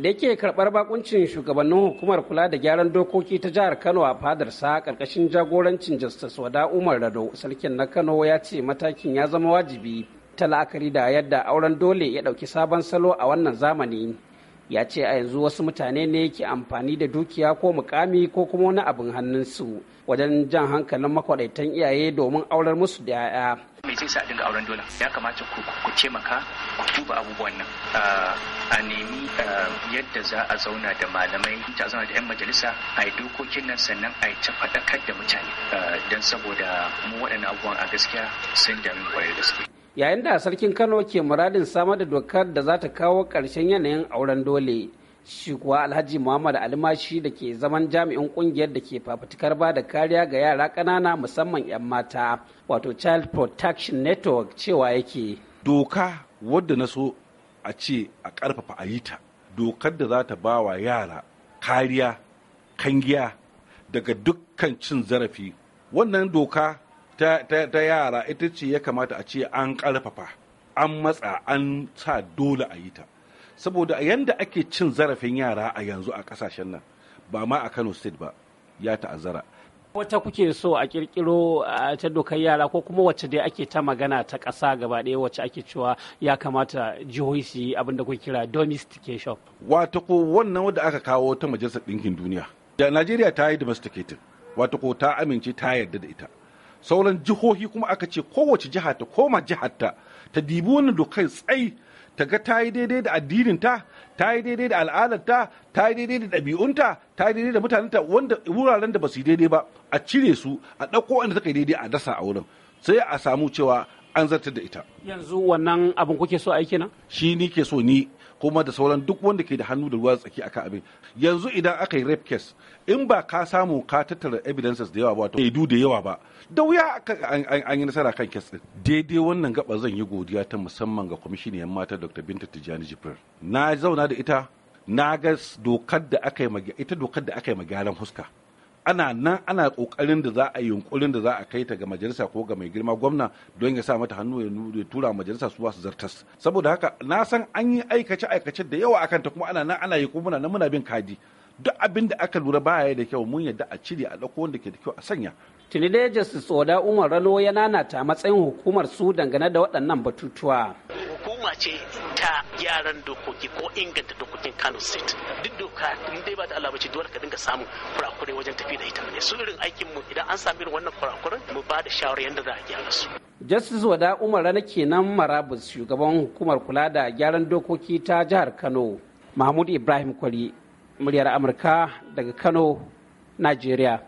da yake karɓar bakuncin shugabannin hukumar kula da gyaran dokoki ta jihar kano a fadarsa ƙarƙashin jagorancin justice wada umar rado sarkin na kano ya ce matakin ya zama wajibi ta la'akari da yadda auren dole ya ɗauki sabon salo a wannan zamani ya ce a yanzu wasu mutane ne ke amfani da dukiya ko mukami ko kuma wani abin hannunsu wajen jan hankalin makwaɗaitan iyaye domin aurar musu da 'ya'ya me sai sa a dinga auren dole ya kamata ku taimaka ku duba abubuwan nan a nemi yadda za a zauna da malamai ta zauna da 'yan majalisa a yi dokokin nan sannan a yi faɗakar da mutane don saboda mu waɗannan abubuwan a gaskiya sun min kwarai gaske yayin da sarkin kano ke muradin samar da dokar da za ta kawo ƙarshen yanayin auren dole shi kuwa alhaji muhammad almashi da ke zaman jami'in kungiyar da ke fafutukar ba da kariya ga yara ƙanana musamman 'yan mata wato child protection network cewa yake doka wadda na so a ce a ƙarfafa a yi ta dokar da za ta ba wa yara kariya kangiya daga dukkan cin zarafi wannan doka ta, ta yara ita ce ya kamata a ce an ƙarfafa an matsa an sa dole a yi ta saboda yadda ake cin zarafin yara a yanzu a kasashen nan ba ma a Kano state ba ya ta'azzara wata kuke so a kirkiro ta dokar yara ko kuma wacce dai ake ta magana ta ƙasa gaba ɗaya wacce ake cewa ya kamata jihohi su yi abin da kuke kira domestication wata ko wannan wadda aka kawo ta majalisar ɗinkin duniya da najeriya ta yi domesticating wata ko ta amince ta yarda da ita sauran jihohi kuma aka ce kowace jiha ta koma jihar ta ta dibi wannan dokar tsai ta ga ta yi daidai da addininta ta yi daidai da al'adarta ta yi daidai da ɗabi'unta ta yi daidai da mutanenta wanda wuraren da ba su yi daidai ba a cire su a ɗauko wanda ta yi daidai a dasa a wurin sai a samu cewa an zartar da ita yanzu wannan abin kuke so aiki na shi ni ke so ni kuma da sauran duk wanda ke da hannu da ruwa tsaki akan abin yanzu idan aka yi rape case in ba ka samu ka tattara evidences da yawa ba to daidu da yawa ba da wuya an yi nasara kan kes din daidai wannan gaba zan yi godiya ta musamman ga kwamishiniyar mata dr binta tijjani jibril na zauna da ita na ga dokar da aka yi ita dokar da aka yi gyaran huska ana nan ana kokarin da za a yi yunkurin da za a kai ta ga majalisa ko ga mai girma gwamna don ya sa mata hannu ya tura majalisa su su zartas saboda haka na san an yi aikace aikace da yawa akan ta kuma ana nan ana yi kuma muna nan muna bin kadi duk abin da aka lura baya da kyau mun yadda a cire a dauko wanda ke da kyau a sanya tuni dai justice oda umar rano ya nanata matsayin hukumar su dangane da waɗannan batutuwa hukuma ce ta gyaran dokoki ko inganta dokokin Kano State duk doka in dai ba ta Allah bace dole ka dinga samun kurakure wajen tafi da ita ne su irin aikin mu idan an sami irin wannan kurakuren mu ba da shawara yadda za a gyara su Justice Wada Umar Rana kenan Marabus shugaban hukumar kula da gyaran dokoki ta jihar Kano Mahmud Ibrahim Kwari muryar Amurka daga Kano Najeriya